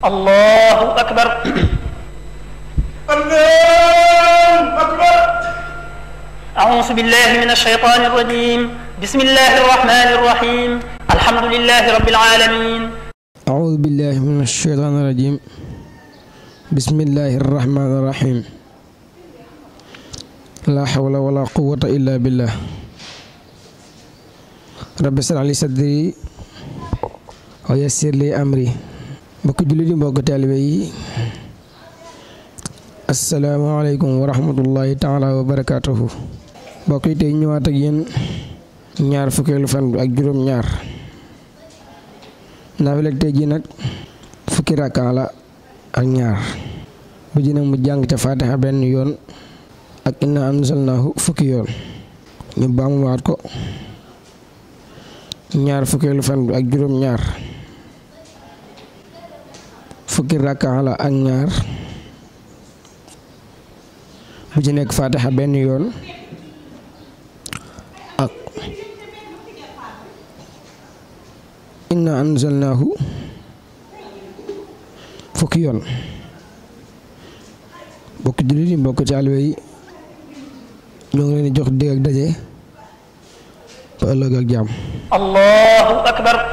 الله أكبر الله أكبر أعوذ بالله من الشيطان الرجيم بسم الله الرحمن الرحيم الحمد لله رب العالمين أعوذ بالله من الشيطان الرجيم بسم الله الرحمن الرحيم لا حول ولا قوة إلا بالله رب اشرح لي صدري ويسر لي أمري mbokk julidi mbok talibe yi yi alaykum wa rahmatullahi taala wa barakatuh mbokk yi tey nyar ak yeen ñaar nyar. fan ak juroom ñaar naafila tey ji nak fukki rakka la ak ñaar bu ji nag mu jang ca fatiha ben yoon ak inna anzalnahu fukki yoon ñu waat ko ñaar fukel fan ak juroom ñaar fukki rak'a la ak ñaar bu ci nek fatiha ben yoon ak inna anzalnahu fukki yoon bokk jullit yi bokk ci àlluwa yi ñoo ngi leen jox deg ak dajé ba ëllëg ak jàmm allahu akbar